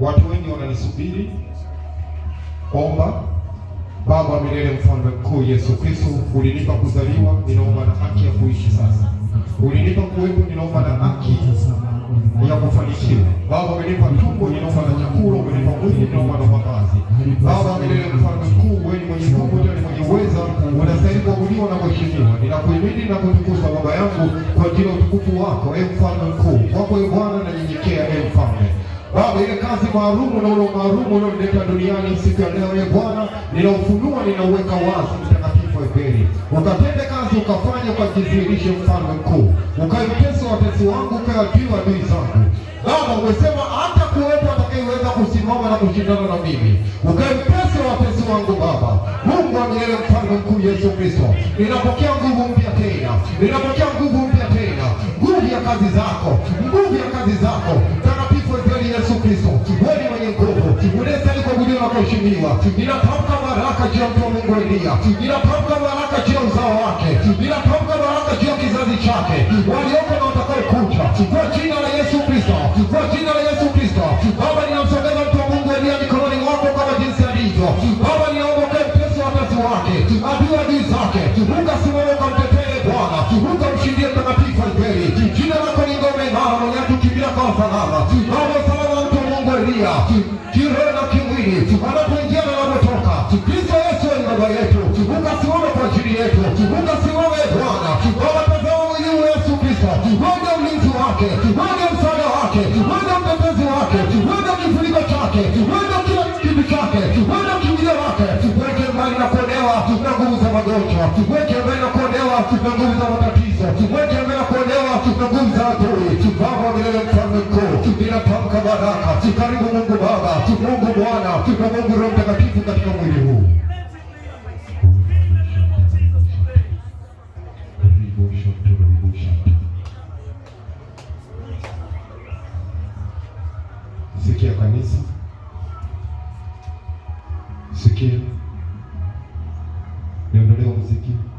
Watu wengi wananisubiri omba. Baba wa milele, mfalme mkuu Yesu Kristo, ulinipa kuzaliwa, ninaomba na haki ya kuishi sasa. Ulinipa kuwepo, ninaomba na haki ya kufanikiwa. Baba amenipa tumbo, ninaomba na chakula. Umenipa mwili, ninaomba na mavazi. Baba milele, mfalme mkuu, wewe ni mwenye nguvu, ni mwenye uweza, unastahili kuabudiwa na kuheshimiwa. Ninakuhimidi na kutukuza Baba yangu kwa ajili ya utukufu wako, e mfalme mkuu, e bwana kazi maalumu na ule maalumu uliomleta duniani siku ya leo. Ee Bwana, ninaufunua ninauweka wazi, mtakatifu Eberi, ukatende kazi, ukafanya, ukajidhihirishe mfalme mkuu, ukaitesa watesi wangu, ukawatia adui zangu. Baba, umesema hata kuwepo atakayeweza kusimama na kushindana na mimi, ukaitesa watesi wangu Baba Mungu wa milele, mfalme mkuu Yesu Kristo, ninapokea nguvu mpya tena, ninapokea nguvu mpya tena, nguvu ya kazi zako, nguvu ya kazi zako anaheshimiwa. Ninatamka baraka juu ya mtu wa Mungu Elia. Ninatamka baraka juu ya uzao wake. Ninatamka baraka juu ya kizazi chake, walioko na watakao watakaokuja, kwa jina la Yesu Kristo, kwa jina la Yesu Kristo. Baba, ninamsogeza mtu wa Mungu Elia mikononi mwako kama jinsi alivyo. Baba, ninaomba mtesi watesi wake, adui adui zake, kwa mtetee Bwana, mshindie mtakatifu Alberi. Jina lako ni ngome imara, mwenye kukimbia kwa salama. Baba, salama mtu wa Mungu Elia. Kiro ajili yetu. Baba, tuingia wanapotoka, Kristo Yesu ni baba yetu, kivuka siume kwa ajili yetu, kivuka siume Bwana. Baba, tazama mwenyewe Yesu Kristo, kivuka mlinzi wake, kivuka msaada wake, kivuka mtetezi wake, kivuka kifuniko chake, kivuka kila kitu chake, kivuka kimbilio wake, tuweke mbali na kuonewa na nguvu za magonjwa, tuweke mbali na kuonewa na nguvu za matatizo, tuweke mbali na kuonewa na nguvu za adui tumkaribu Mungu Baba, Mungu Bwana na Mungu Roho Mtakatifu katika mwili huu. Sikia kanisa, sikia, niondolee muziki.